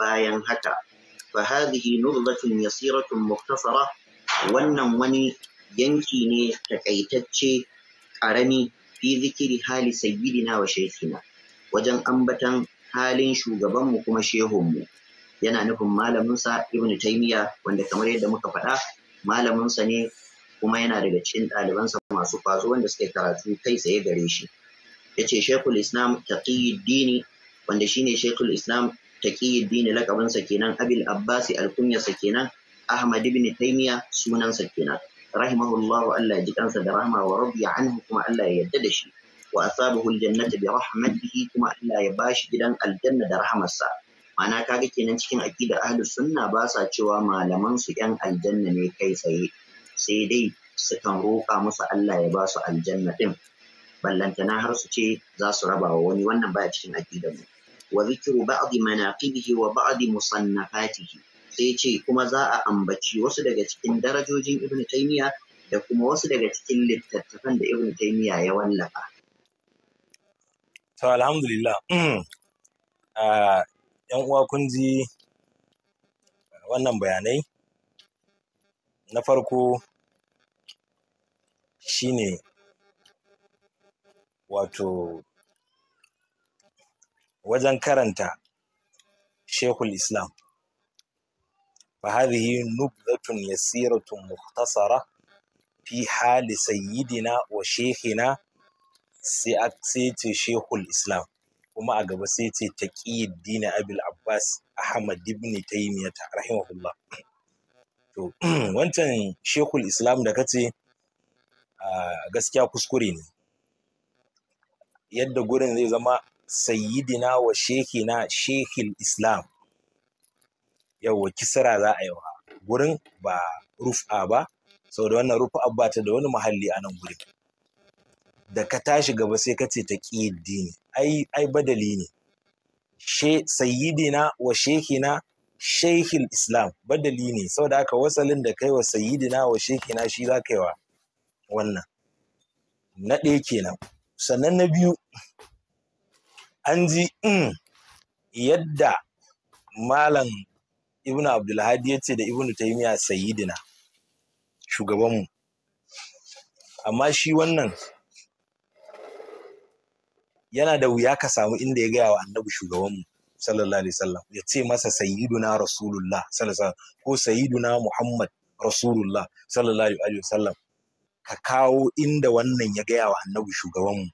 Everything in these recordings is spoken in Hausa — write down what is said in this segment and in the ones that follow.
bayan haka fa hadhihi nudbatun yasiratun muktasara wannan wani yanki ne takaitacce karami fi zikiri hali sayyidina wa shaykhina wajen ambatan halin shugabanmu kuma shehunmu yana nufin malaminsa ibnu taymiya wanda kamar yadda muka faɗa malaminsa ne kuma yana daga cikin ɗalibansa masu kwazo wanda suke karatu kai tsaye gare shi ya ce shekul islam taqiyuddini wanda shine shekul islam dini lakabinsa kenan abil abbasi alkunyarsa kenan ahmad ibn taimiya sunansa kenan rahimahullahu Allah ya ji kansa da rahma wa radiya anhu kuma Allah ya yarda da shi wa asabahu aljannata bi rahmatihi kuma Allah ya bashi gidan aljanna da rahamarsa ma'ana kaga kenan cikin aqidar ahlus sunna ba sa cewa malaman su yan aljanna ne kai tsaye sai dai sukan roƙa musu Allah ya ba su aljanna din ballantana har su ce za su raba wa wani wannan baya cikin aqidar mu wa zikru mana manaqibihi wa ba'd musannafatihi sai ce kuma za a ambaci wasu daga cikin darajojin Ibn taymiya da kuma wasu daga cikin littattafan da Ibn taymiya ya wallafa to alhamdulillah ah, yan uwa kun ji wannan bayanai na farko shine wato wajen karanta shekul islam ba hari yi muktasara fi hali a sai ce shekul islam kuma a gaba sai ce ta abbas ahmad dibni ta yi to wancan shekul islam da kace a kuskure ne yadda gurin zai zama sayyidina wa shekina shekil islam yawwa kisra za a yi wa gurin ba rufa ba sau da wannan rufa ba ta da wani mahalli a nan gurin da ka tashi gaba sai ka ce ta dini ai ai badali ne sayyidina wa shekina shekil islam badali ne sau da haka wasalin da kai wa sayyidina wa shekina shi za ka wannan na ɗaya kenan sannan na biyu an ji hmm, yadda malam ibn abdulhadi ya ce da ibn taimiya sayidina shugabanmu amma shi wannan yana da wuya ka samu inda ya gaya wa annabi shugabanmu sallallahu alaihi wasallam ya ce masa sayyiduna rasulullah sallallahu alaihi wasallam ko sayyiduna muhammad rasulullah sallallahu alaihi wasallam ka kawo inda wannan ya gaya wa annabi shugabanmu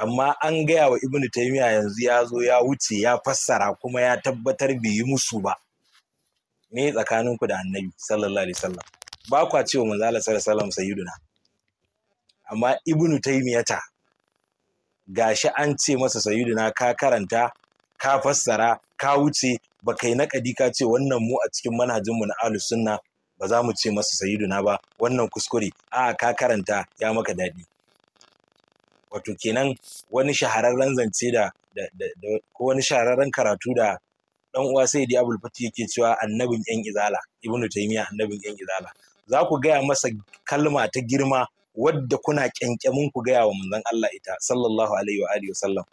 amma an gaya wa ibn taymiya yanzu ya zo ya wuce ya fassara kuma ya tabbatar bai yi musu ba tsakanin tsakaninku da annabi sallallahu alaihi wasallam ba kwa cewa manzo Allah sallallahu alaihi wasallam sayyiduna amma ibn ta gashi an ce masa sayyiduna ka karanta ka fassara ka wuce ba kai naƙadi ka ce wannan mu a cikin manhajin mu na ahlus sunna ba za mu ce masa sayyiduna ba wannan kuskure a ka karanta ya maka dadi. wato kenan wani shahararren zance da ko wani shahararren karatu da dan uwa sai di abul fati yake cewa annabin yan izala ibnu taymiya annabin yan izala za ku gaya masa kalma ta girma wadda kuna kyankyamin ku gaya wa manzon Allah ita sallallahu alaihi wa alihi wasallam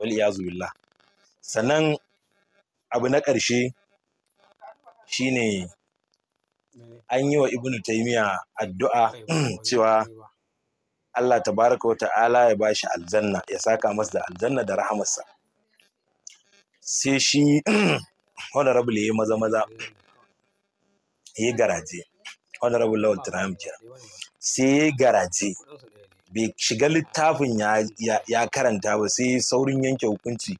wal iyazu billah sannan abu na ƙarshe shine an yi wa ibnu taymiya addu'a cewa Allah tabaraka wa ta'ala ya bashi aljanna ya saka masa da aljanna da rahamarsa sai shi honorable ya maza maza ya garaje honorable lawal tiram kenan sai ya garaje bai shiga littafin ya karanta ba sai saurin yanke hukunci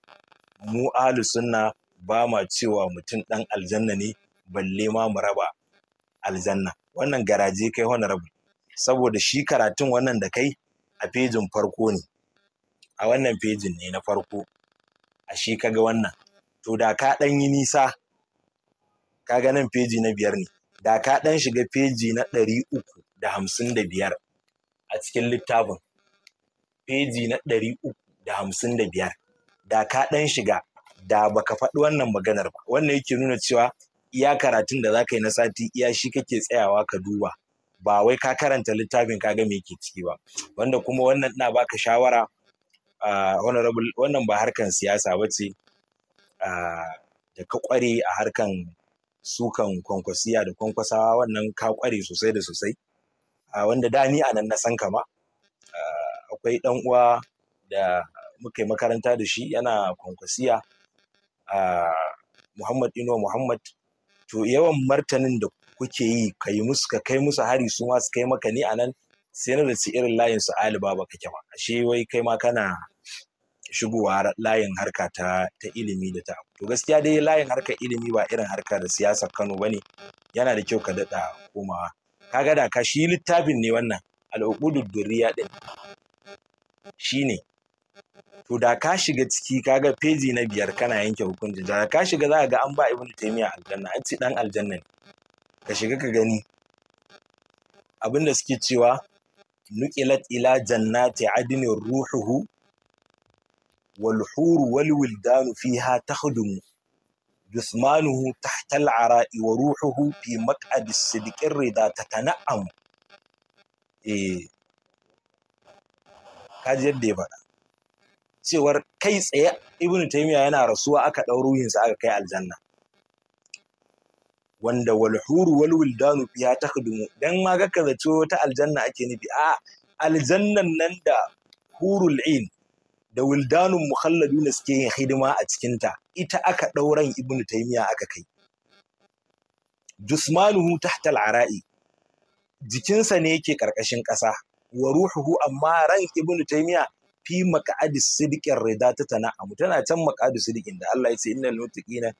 mu ahlu sunna ba ma cewa mutum ɗan aljanna ne balle ma mu raba aljanna wannan garaje kai honorable saboda shi karatun wannan da kai a fejin farko ne a wannan fejin ne na farko a shi kaga wannan to da ka ɗan yi nisa ka ga nan feji na biyar ne da ka ɗan shiga feji na ɗari uku da hamsin da biyar a cikin littafin feji na ɗari uku da hamsin da biyar da ka ɗan shiga da baka faɗi wannan maganar ba wannan yake nuna cewa iya karatun da za ka yi na sati iya shi kake tsayawa ka duba ba wai ka karanta littafin ka ga me yake ciki ba wanda kuma wannan ina baka shawara honorable wannan ba harkan siyasa ba ce da ka kware a harkan sukan kwankwasiya da kwankwasawa wannan ka kware sosai da sosai wanda da ni a nan na san kama akwai dan uwa da muka yi makaranta da shi yana kwankwasiya Muhammad Ino Muhammad to yawan martanin da kuke yi ka yi musu ka kai musu hari su ma su kai maka ni anan sai na da su irin layin su ali ba kake ba ashe wai kai ma kana shigowa layin harka ta ta ilimi da ta to gaskiya dai layin harkar ilimi ba irin harka da siyasar Kano bane yana da kyau ka daɗa komawa kaga da ka shi littafin ne wannan al'uqudud duriya din shine to da ka shiga ciki kaga feji na biyar kana yanke hukunci da ka shiga za ka ga an ba ibnu taymiya aljanna an ce dan aljanna ne ka shiga ka gani abinda suke cewa nuqilat ila jannati adnin ruhuhu wal huru wal wildanu fiha takhdumu جثمانه تحت العراء وروحه في مقعد الصدق ridha تتنعم eh kaji yadda ya faɗa cewar kai tsaye ibnu taymiya yana rasuwa aka ɗau ruhinsa aka kai aljanna wanda walhuru huru wal wildanu biya dan ma ga kazato ta aljanna ake nufi a aljannan nan da hurul ain da wildanun mukhalladuna suke yin hidima a cikin ta ita aka dauran ibnu taymiya aka kai jismanuhu tahta al-ara'i jikinsa ne yake karkashin ƙasa wa ruhuhu amma ran ibnu taymiya fi maq'adi sidiqin rida ta tana tana can maq'adi sidiqin da Allah ya ce innal na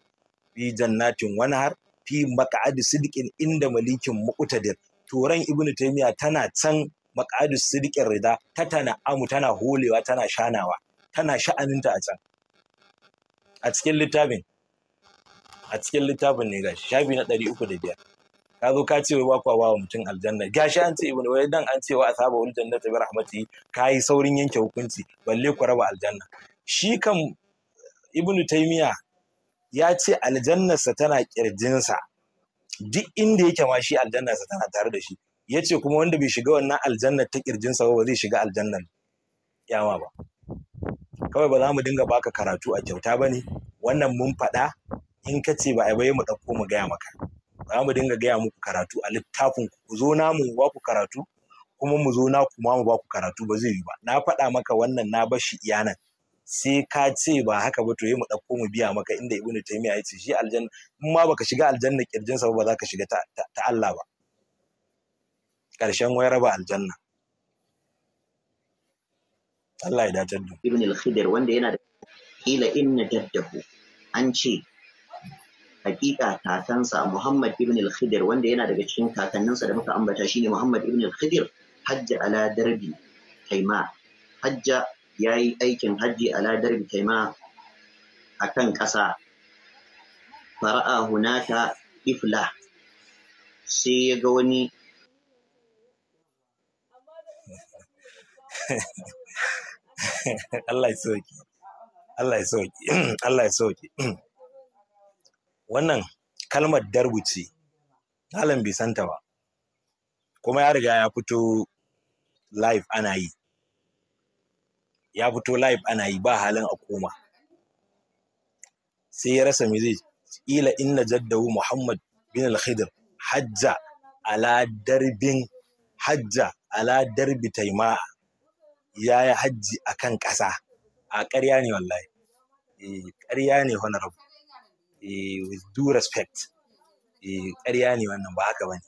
fi jannatin wanhar fi maq'adi sidikin inda malikin muqtadir turan ibnu taymiya tana can maq'adu sidikin rida ta tana amu tana holewa tana shanawa tana sha'aninta a can a cikin littafin a cikin littafin ne gashi shafi na ɗari uku da biyar ka zo ka ce wai ba kwa wa mutum aljanna gashi an ce ibnu wai dan an ce wa asaba ul jannata bi rahmatihi kai saurin yanke hukunci balle ku raba aljanna shi kan ibnu taymiya ya ce aljannarsa tana kirjinsa duk inda yake ma shi aljannarsa tana tare da shi ya ce kuma wanda bai shiga wannan aljannar ta kirjinsa ba zai shiga aljannar yawa ba kawai ba za mu dinga baka karatu a kyauta ba ne wannan mun faɗa in ka ce ba a bai mu ɗauko mu gaya maka za mu dinga gaya muku karatu a littafin ku zo namu ba ku karatu kuma mu zo na kuma mu ba ku karatu ba zai yi ba na faɗa maka wannan na bashi iyanan sai ka ce ba haka ba to yi mu ɗauko mu biya maka inda ibnu taymiya ya ce shi aljanna in ma baka shiga aljanna kirjin sa ba za ka shiga ta, Allah ba karshen wayar ba aljanna Allah ya datar da ibn al-khidr wanda yana da kila inna jaddahu an ce hakika kakansa Muhammad ibn al-khidr wanda yana daga cikin kakanninsa da muka ambata shine Muhammad ibn al-khidr hajja ala darbi kaima hajja ya yi aikin hajji a ladar bitaima a kan ƙasa fara'a hunata ifla sai ya ga wani Allah ya soki Allah ya Allah ya wannan kalmar darbu ce malam bai santa ba kuma ya riga ya fito live ana yi ya fito live ana yi ba halin a koma sai ya rasa me zai ila inna jaddahu muhammad bin al-khidr hajja ala darbin hajja ala darbi taima'a ya yi hajji a kan ƙasa a ƙarya ne wallahi eh, ƙarya ne honorable eh, with due respect eh, ƙarya ne wannan ba haka ba ne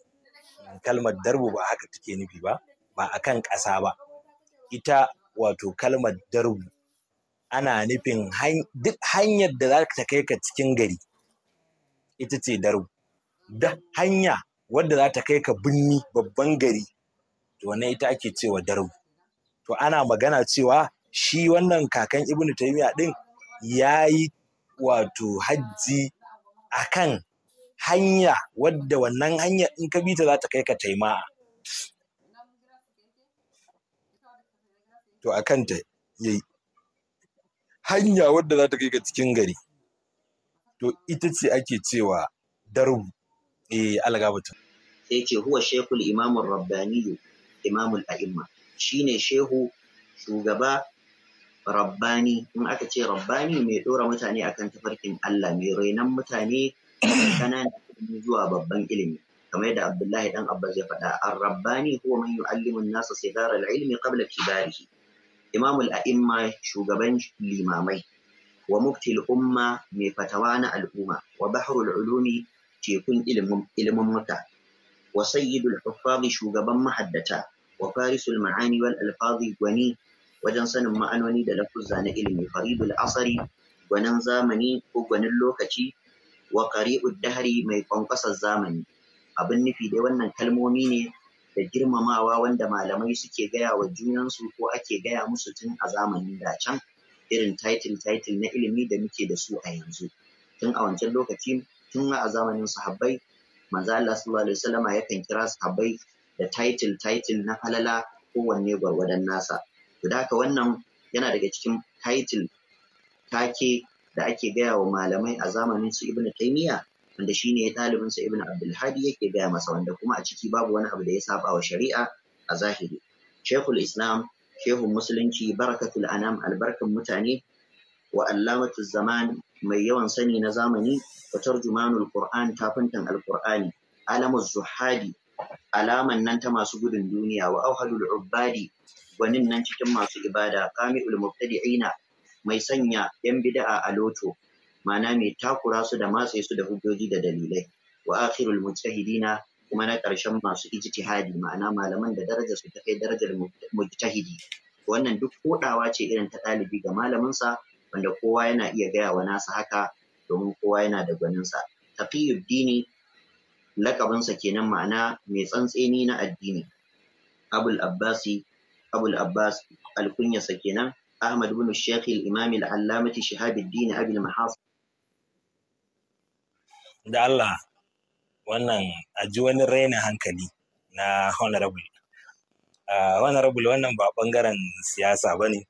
kalmar darbu ba haka take nufi ba ba a kan ƙasa ba ita wato kalmar darbu ana nufin duk hanyar da za ta kai ka cikin gari ita ce darbu duk hanya wadda za ta kai ka binni babban gari to wannan ita ake cewa darbu to ana magana cewa shi wannan kakan ibnu taymiya din ya yi wato hajji akan hanya wadda wannan hanya in ka bi ta za ta kai ka taima'a to a kanta ya yi hanya wadda za ta kai ga cikin gari to ita ce ake cewa darbu eh algabatu sai ce huwa shekul imamul rabbaniyu imamul a'imma shine shehu shugaba rabbani in aka ce rabbani mai dora mutane akan tafarkin Allah mai rainan mutane kananan zuwa babban ilimi kamar yadda Abdullahi dan Abbas ya faɗa ar-rabbani huwa man yu'allimu an-nasa ilimi al-ilmi qabla kibarihi imamul a'imma shugaban limamai wa muftil umma mai fatawa na al'umma wa bahrul ulumi tekun ilimin muka wa sayyidul huffazi shugaban mahaddata wa farisul ma'ani wal alfazi gwani wajen sanin ma'anoni da lafuzza na ilimi faridul asari gwanin zamani ko gwanin lokaci wa kari'ud Dahari mai kwankwasar zamani abin nufi dai wannan kalmomi ne da girmamawa wanda malamai suke gaya wa junansu ko ake gaya musu tun a zamanin da can irin title title na ilimi da muke da su a yanzu tun a wancan lokaci tun a zamanin sahabbai manzo Allah sallallahu alaihi wasallama yakan kira sahabbai da title title na falala kowanne gwargwadon nasa to da wannan yana daga cikin title take da ake gaya wa malamai a zamanin su ibnu taymiya wanda shine ɗalibin sa Ibn Abdulhadi yake gaya masa wanda kuma a ciki babu wani abu da ya saba wa shari'a a zahiri Sheikhul Islam Shehun Musulunci Barakatul Anam albarkan mutane wa allamatu zaman mai yawan sani na zamani wa tarjumanul Qur'an tafintan alqur'ani Alamuz zuhadi alaman nan ta masu gudun duniya wa auhadul ubbadi gwanin nan cikin masu ibada kami'ul mubtadi'ina mai sanya yan bid'a a loto ma'ana mai takura su da matse su da hujjoji da dalilai wa akhirul mujtahidina kuma na ƙarshen masu ijtihadi ma'ana malaman da darajar su ta kai darajar mujtahidi wannan duk kodawa ce irin ta ɗalibi ga sa wanda kowa yana iya gaya wa nasa haka domin kowa yana da gwaninsa taqiyuddini lakabinsa kenan ma'ana mai tsantseni na addini abul abbasi abul abbas alkunyarsa kenan ahmad bin shaykh al-imam al-allamati shihabuddin abi al-mahasib da Allah wannan aji wani raina hankali na honorable uh, honorable wannan ba bangaren siyasa ba ne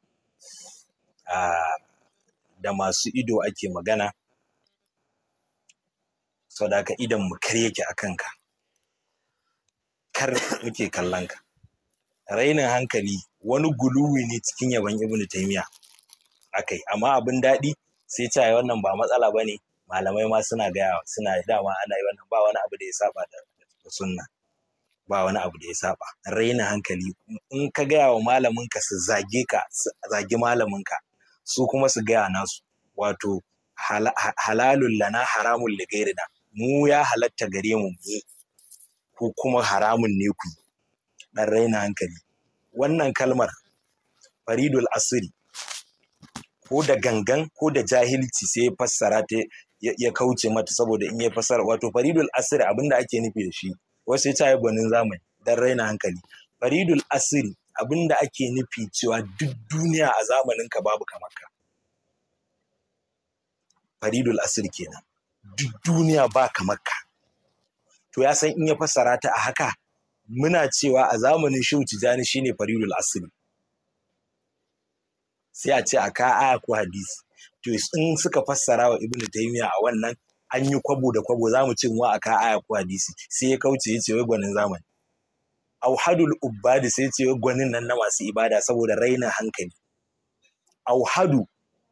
uh, da masu ido ake magana sau ka idan mu kar yake a kanka kar muke kallon ka rainin hankali wani guluwi ne cikin yaban ibnu taimiya akai amma abin daɗi sai ce wannan ba matsala ba ne malamai ma suna gaya suna dama ana yi wannan ba wani abu da ya saba da sunna ba wani abu da ya saba raina hankali in ka gaya wa malaminka su zage ka su zagi malaminka su kuma su gaya nasu wato halalun lana haramun ligairina mu ya halatta gare mu mu ko kuma haramun ne ku dan raina hankali wannan kalmar faridul asiri ko da gangan ko da jahilci sai fassara ta ya kauce mata saboda in ya fasara wato faridul asiri abinda ake nufi da shi wasu ta yi gwanin zamani dan raina hankali faridul asiri abinda ake nufi cewa duk duniya a zamanin ka babu kamar ka faridul asiri kenan duk duniya ba kamar ka to ya san in ya fasara ta a haka muna cewa a zamanin shehu jani shine faridul asiri sai a ce a ka aya ko hadisi to in suka fassara wa ibn taymiya a wannan an yi kwabo da kwabo zamu ce mu aka aya ko hadisi sai ya kauce ya ce wai gwanin zamani auhadul ubbad sai ya ce gwanin nan na masu ibada saboda raina hankali auhadu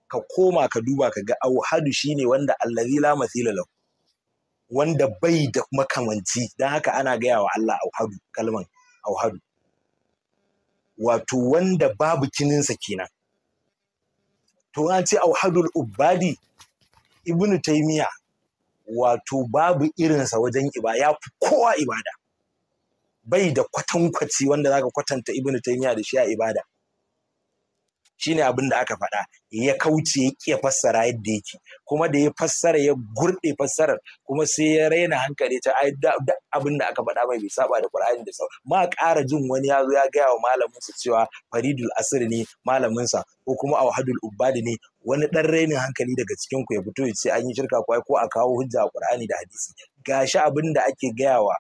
ka koma ka duba ka ga auhadu shine wanda allazi la mathila lahu wanda bai da makamanci dan haka ana gaya wa Allah Hadu, kalman auhadu wato wanda babu kininsa kenan to an ce auhadul ubadi ibnu taimiya wato babu irinsa wajen ibada ya fi kowa ibada bai da kwatankwaci wanda zaka kwatanta ibnu taimiya da shi a ibada shine abin da aka faɗa ya kauce ya fassara yadda yake kuma da ya fassara ya gurɗe fassarar kuma sai ya raina hankali ta ai da abin da aka faɗa mai bai saba da Qur'ani da sau ma ƙara jin wani ya zo ya gaya wa malamin sa cewa Faridul Asir ne malamin sa ko kuma Awhadul Ubbad ne wani dan rainin hankali daga cikin ku ya fito ya ce an yi shirka kwai ko a kawo hujja a Qur'ani da hadisi gashi abin da ake gaya wa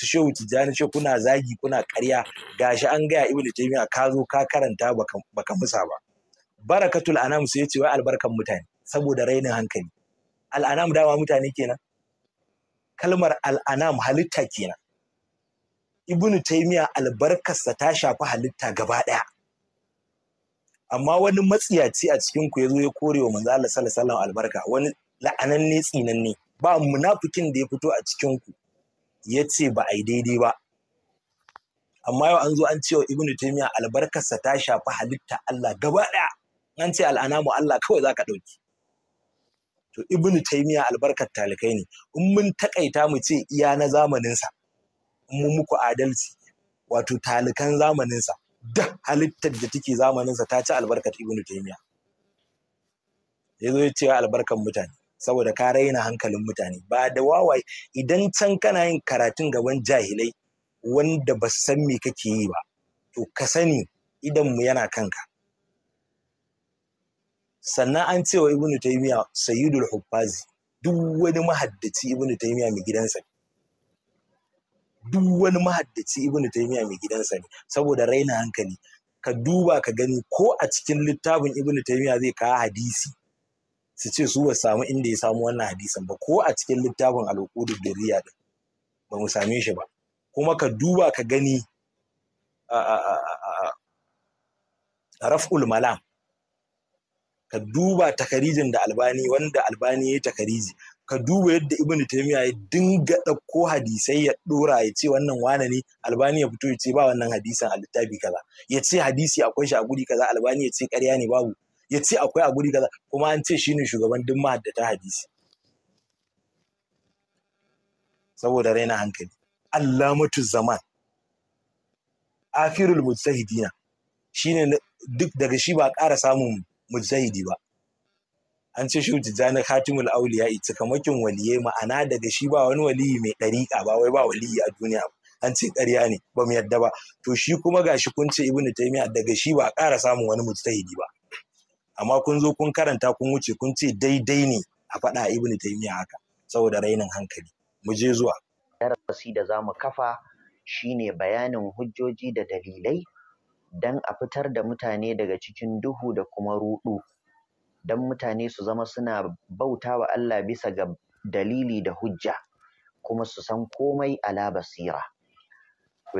su shehu tijjani ce kuna zagi kuna karya gashi an gaya ibnu taymiya ka zo ka karanta baka musa ba barakatul anam sai ce wai albarkan mutane saboda rainin hankali anam dama mutane kenan kalmar anam halitta kenan ibnu taymiya albarkarsa ta shafi halitta gaba daya amma wani matsiyaci a cikin ku yazo ya kore wa manzo Allah sallallahu albarka wani la'ananne tsinanne ba munafikin da ya fito a cikin ku ya ce ba a yi daidai ba amma yau an zo an cewa Ibn taymiya albarkarsa ta shafi halitta Allah gaba ɗaya an ce al'anamu Allah kawai zaka ɗauki to Ibn taymiya albarkar talikai ne in mun takaita mu ce iya na zamaninsa in mun muku adalci wato talikan zamaninsa da halittar da take zamaninsa ta ci albarkar Ibn taymiya ya zo ya ce albarkar mutane saboda ka raina hankalin mutane ba da wawaye idan can kana yin karatun gaban jahilai wanda ba san me kake yi ba to ka sani idan mu yana kanka sannan an cewa ibnu taymiya sayyidul huffazi duk wani mahaddaci ibnu taymiya mai gidansa duk wani mahaddaci ibnu taymiya mai gidansa ne saboda raina hankali ka duba ka gani ko a cikin littafin ibnu taymiya zai kawo hadisi su ce su ba samu inda ya samu wannan hadisin ba ko a cikin littafin da riya din ba mu same shi ba kuma ka duba ka gani raf'ul malam ka duba takarijin da albani wanda albani ya yi takariji ka duba yadda Ibn taymiya ya dinga ɗauko hadisai ya ɗora ya ce wannan wane ne albani ya fito ya ce ba wannan hadisan a littafi kaza ya ce hadisi akwai shi a guri kaza albani ya ce ƙarya ne babu ya ce akwai a guri kaza kuma an ce shine shugaban duk mahaddata hadisi saboda raina hankali allamatu zaman afirul mujtahidina shine duk daga shi ba ƙara samun mujtahidi ba an ce shi tijjani khatimul auliya kamakin waliyai ma'ana daga shi ba wani waliyi mai ɗariƙa ba wai ba waliyi a duniya ba an ce ƙarya ne ba mu yadda ba to shi kuma gashi kun ce ibnu taymiya daga shi ba ƙara samun wani mujtahidi ba amma kun zo kun karanta kun wuce kun ce daidai ne a faɗa ibnu taymiya haka saboda rainin hankali mu je zuwa darasi da za mu kafa shine bayanin hujjoji da dalilai dan a fitar da mutane daga cikin duhu da kuma ruɗu dan mutane su zama suna bauta wa Allah bisa ga dalili da hujja kuma su san komai ala basira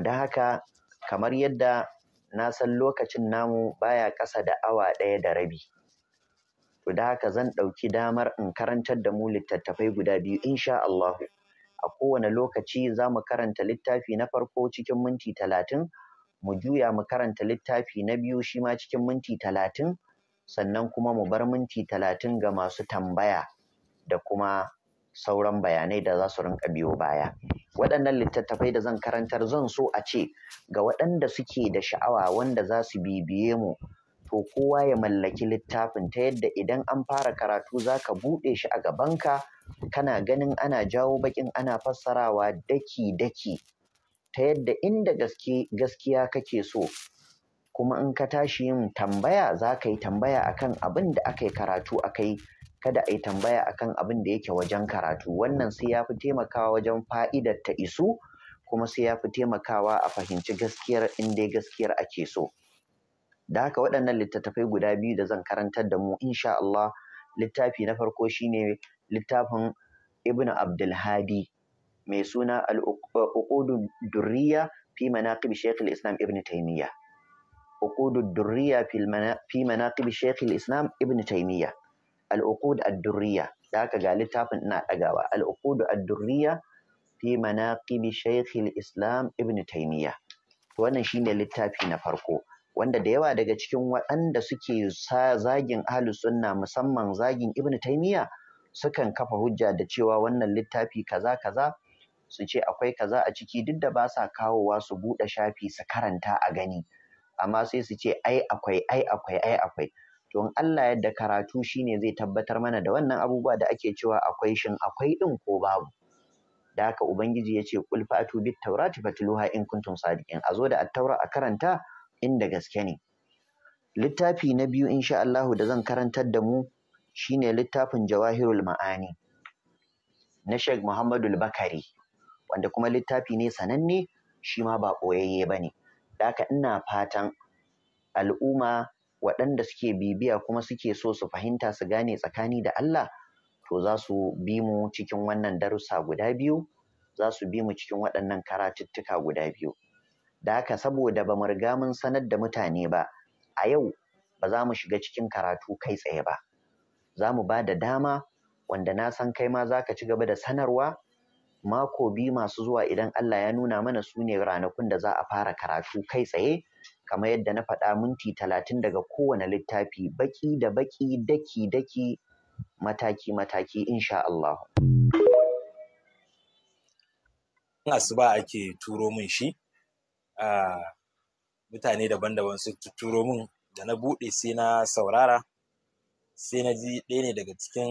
to haka kamar yadda na san lokacin namu baya ƙasa da awa ɗaya da rabi to da haka zan ɗauki damar in karantar da mu littattafai guda biyu insha Allahu a kowane lokaci za mu karanta littafi na farko cikin minti talatin mu juya mu karanta littafi na biyu shi ma cikin minti talatin sannan kuma mu bar minti talatin ga masu tambaya da kuma sauran bayanai da za su rinƙa biyo baya. waɗannan littattafai da zan karantar zan so a ce ga waɗanda suke da sha'awa wanda za su bibiye mu to kowa ya mallaki littafin ta yadda idan an fara karatu za ka buɗe shi a gabanka kana ganin ana jawo baƙin ana fassarawa daki-daki ta yadda inda gaskiya kake so kuma in ka tashi yin tambaya za ka yi tambaya akan abin da aka yi karatu aka yi kada a yi tambaya akan abin da yake wajen karatu wannan sai ya fi taimakawa wajen fa'idar ta isu kuma sai ya fi taimakawa a fahimci gaskiyar inda dai gaskiyar ake so da haka waɗannan littattafai guda biyu da zan karantar da mu insha Allah littafi na farko shine littafin Ibn Abdulhadi mai suna Al-Uqudud Durriya fi manaqib Sheikh islam Ibn Taymiyyah Uqudud Durriya fi manaqib Sheikh islam Ibn Taymiyyah al'uqud ad-durriya da ga littafin ina ɗagawa al'uqud ad-durriya fi manaqib shaykh islam ibn taymiya wannan shine littafi na farko wanda da yawa daga cikin waɗanda suke sa zagin ahlus sunna musamman zagin ibn taymiya sukan kafa hujja da cewa wannan littafi kaza kaza su ce akwai kaza a ciki duk da ba sa kawowa su buɗe shafi su karanta a gani amma sai su ce ai akwai ai akwai ai akwai to in Allah yadda karatu shine zai tabbatar mana da wannan abubuwa da ake cewa akwai shin akwai din ko babu da haka ubangiji yace kul fa'atu bit tawrati fatluha in kuntum sadiqin azo da at-taura a karanta inda gaske ne littafi na biyu insha Allahu da zan karantar da mu shine littafin Jawahirul Ma'ani na Sheikh Muhammadu Bakari wanda kuma littafi ne sananne shi ma ba ɓoyayye bane da haka ina fatan al'umma waɗanda suke bibiya kuma suke so su fahimta su gane tsakani da Allah to za su bi mu cikin wannan darussa guda biyu za su bi mu cikin waɗannan karatuttuka guda biyu da haka saboda ba mu riga mun sanar da mutane ba a yau ba za mu shiga cikin karatu kai tsaye ba za mu ba da dama wanda na san kai ma za ka ci gaba da sanarwa mako biyu masu zuwa idan Allah ya nuna mana su ne ranakun da za a fara karatu kai tsaye kamar yadda na faɗa minti talatin daga kowane littafi baƙi da baƙi daki daki mataki mataki insha Allah. asuba ake turo min shi mutane daban-daban su turo min da na buɗe sai na saurara sai na ji ɗaya ne daga cikin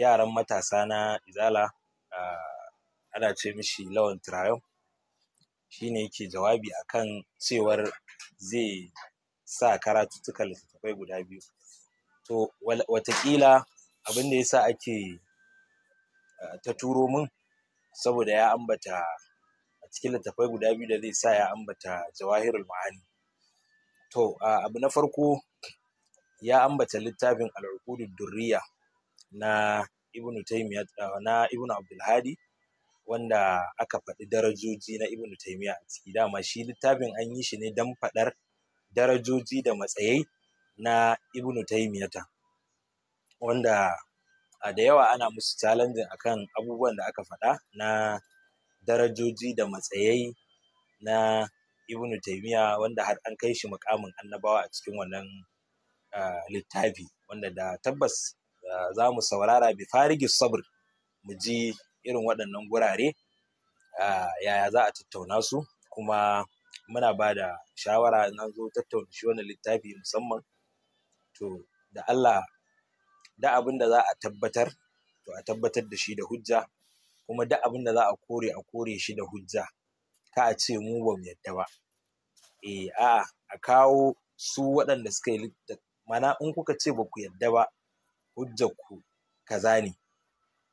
yaran matasa na izala ana ce mishi lawan tirayon shine yake jawabi akan cewar zai sa karatuttuka littattafai guda biyu to watakila abin da yasa ake eh, ta turo min saboda ya ambata a cikin littattafai guda biyu da zai sa ya ambata jawahirul ma'ani to abu na farko ya ambata littafin al'uqudud durriya na ibnu taymiyyah eh, na ibnu abdul hadi wanda aka faɗi darajoji na Ibn Taymiyya a ciki dama shi littafin an yi shi ne don faɗar darajoji da matsayai na Ibn Taymiyyah wanda a da yawa ana musu challenging akan abubuwan da aka faɗa na darajoji da matsayai na Ibn Taymiyyah wanda har an kai shi mukamin annabawa a cikin wannan ah, littafi wanda da tabbas ah, za mu saurara bi farigi sabr mu ji irin waɗannan gurare ah, yaya za a tattauna su kuma muna ba da shawara na zo tattauna shi wani littafi musamman to da Allah da abin da za a tabbatar to a tabbatar da shi da hujja kuma da abin da za a kore a kore shi da hujja ka a ce mu ba mu yadda ba eh a a kawo su waɗanda suka yi mana in kuka ce ba ku yadda ba hujjar ku kaza ne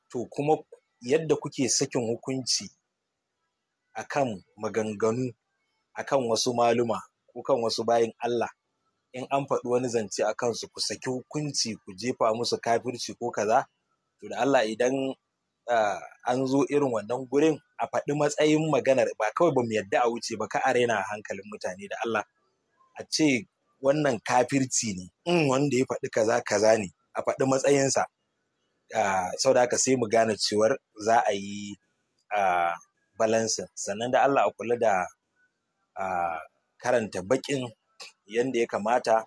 to kuma yadda kuke sakin hukunci akan maganganu akan wasu maluma ko kan wasu bayin Allah in an faɗi wani zance a kansu ku saki hukunci ku jefa musu kafirci ko kaza to da Allah idan ah, an zo irin wannan gurin a faɗi matsayin maganar ba kawai ba mu yadda a wuce ba ka a raina hankalin mutane da Allah a ce wannan kafirci ne in wanda ya faɗi kaza kaza ne a faɗi matsayinsa sau da haka sai mu gane cewar za a yi balansin sannan da Allah a kula da karanta baƙin yadda ya kamata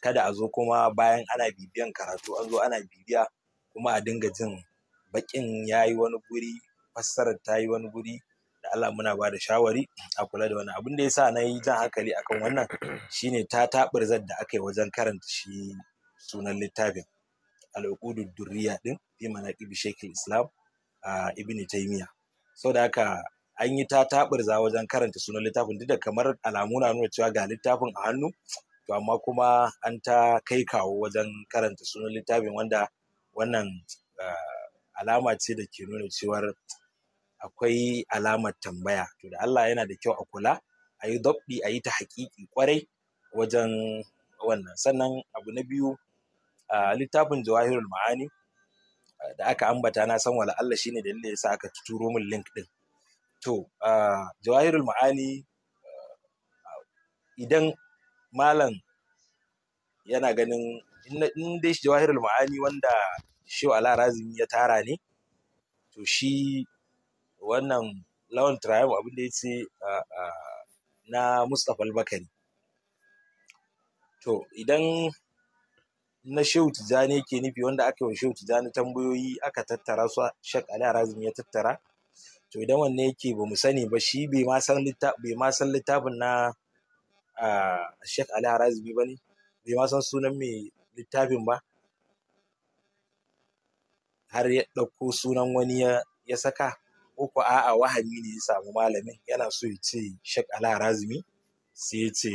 kada a zo kuma bayan ana bibiyan karatu an zo ana bibiya kuma a dinga jin baƙin ya yi wani guri fassarar ta yi wani guri da Allah muna ba da shawari a kula da wani abin da ya sa na yi jan hankali akan wannan shine ta zan da aka yi wajen karanta shi sunan littafin al'uqudud durriya din fi ibi shaykhul islam a ibn taymiya da haka an yi ta taɓurza wajen karanta sunan littafin duk da kamar alamu na nuna cewa ga littafin a hannu to amma kuma an ta kai kawo wajen karanta sunan littafin wanda wannan alama ce da ke nuna cewar akwai alamar tambaya to da Allah yana da kyau a kula a yi dabbi a yi ta haƙiƙi kwarai wajen wannan sannan abu na biyu littafin jawahirul ma'ani da aka ambata na san wala Allah shine da yasa aka turo min link din to jawahirul ma'ani idan malam yana ganin in dai jawahirul ma'ani wanda shi ala razumi ya tara ne to shi wannan lawan tribe abin da ya ce na mustapha al-bakari to idan na shehu tijjani yake nufi wanda aka yi wa shehu tijjani tambayoyi aka tattara su shek ali harazim ya tattara to idan wanne yake ba mu sani ba shi bai ma san bai ma san littafin na shek ali harazimi ba ne bai ma san sunan mai littafin ba har ya ɗauko sunan wani ya saka uku a'a wahami ne ya samu malamin yana so ya ce shek ala razumi sai ya ce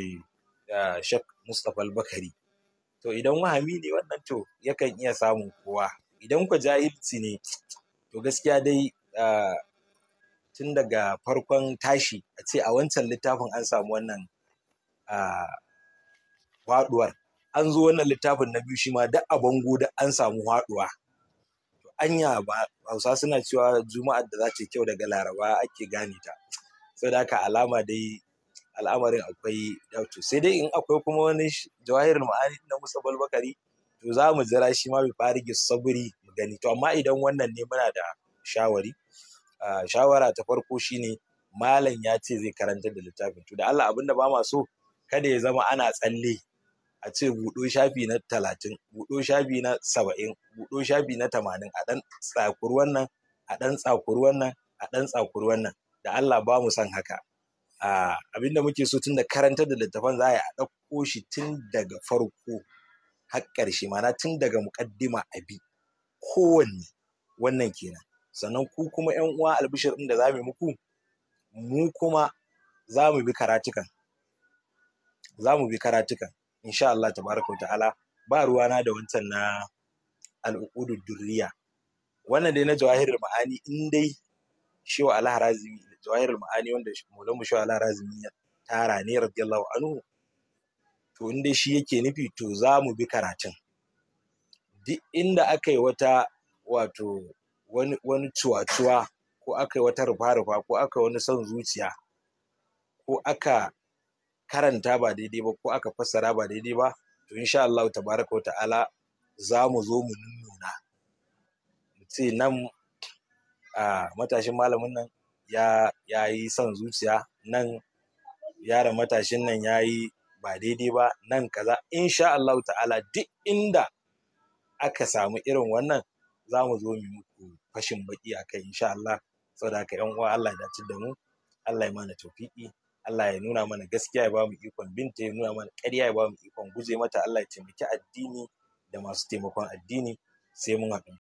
shek mustapha albakari to idan wahami ne wannan to yakan iya samun kowa idan ku jahilci ne to gaskiya dai ah, tun daga farkon tashi a ce a wancan littafin an samu wannan ah, faduwar an zo wannan littafin na biyu shi ma duk a bango da an samu haɗuwa anya ba hausa suna cewa juma'ar da za ta kyau daga laraba ake gane ta saboda haka alama dai al'amarin akwai to sai dai in akwai kuma wani jawahirin ma'ani na Musa Balbakari to za mu jira shi ma fara farige saburi mu gani to amma idan wannan ne muna da shawari shawara ta farko shine malam ya ce zai karantar da littafin to da Allah abinda ba ma so kada ya zama ana tsalle a ce buɗo shafi na talatin buɗo shafi na saba'in buɗo shafi na tamanin a ɗan tsakur wannan a ɗan tsakur wannan a ɗan tsakur wannan da Allah ba mu son haka abinda muke so tun da karantar da littafan za a yi a ɗauko shi tun daga farko har ƙarshe mana tun daga muƙaddima a bi. kowanne wannan kenan sannan ku kuma yan uwa albishir ɗin da za mu muku mu kuma za mu bi karatukan za mu bi karatukan insha Allah tabaraka wa ta'ala ba ruwana da wancan na al'uqudud durriya wannan dai na jawahirul ma'ani in dai shewa alharazimi jawahirul ma'ani wanda maulan ala razumi ya tara ne radiyallahu anhu to inda shi yake nufi to za mu bi karatun duk inda aka yi wata wato wani wani cuwa-cuwa ko aka yi wata rufa-rufa ko aka wani son zuciya ko aka karanta ba daidai ba ko aka fassara ba daidai ba to insha Allah tabaraka wa ta'ala za mu zo mu nuna ce nan a matashin malamin nan ya yi son zuciya nan yaron matashin nan ya yi ba daidai ba nan kaza insha Allah ta'ala duk inda aka samu irin wannan za mu zo mu muku fashin baki a kai insha Allah saboda haka yan uwa Allah ya dace da mu Allah ya mana tawfiki Allah ya nuna mana gaskiya ya ba mu ikon binta ya nuna mana ƙarya ya ba mu ikon guje mata Allah ya taimaki addini da masu taimakon addini sai mun haɗu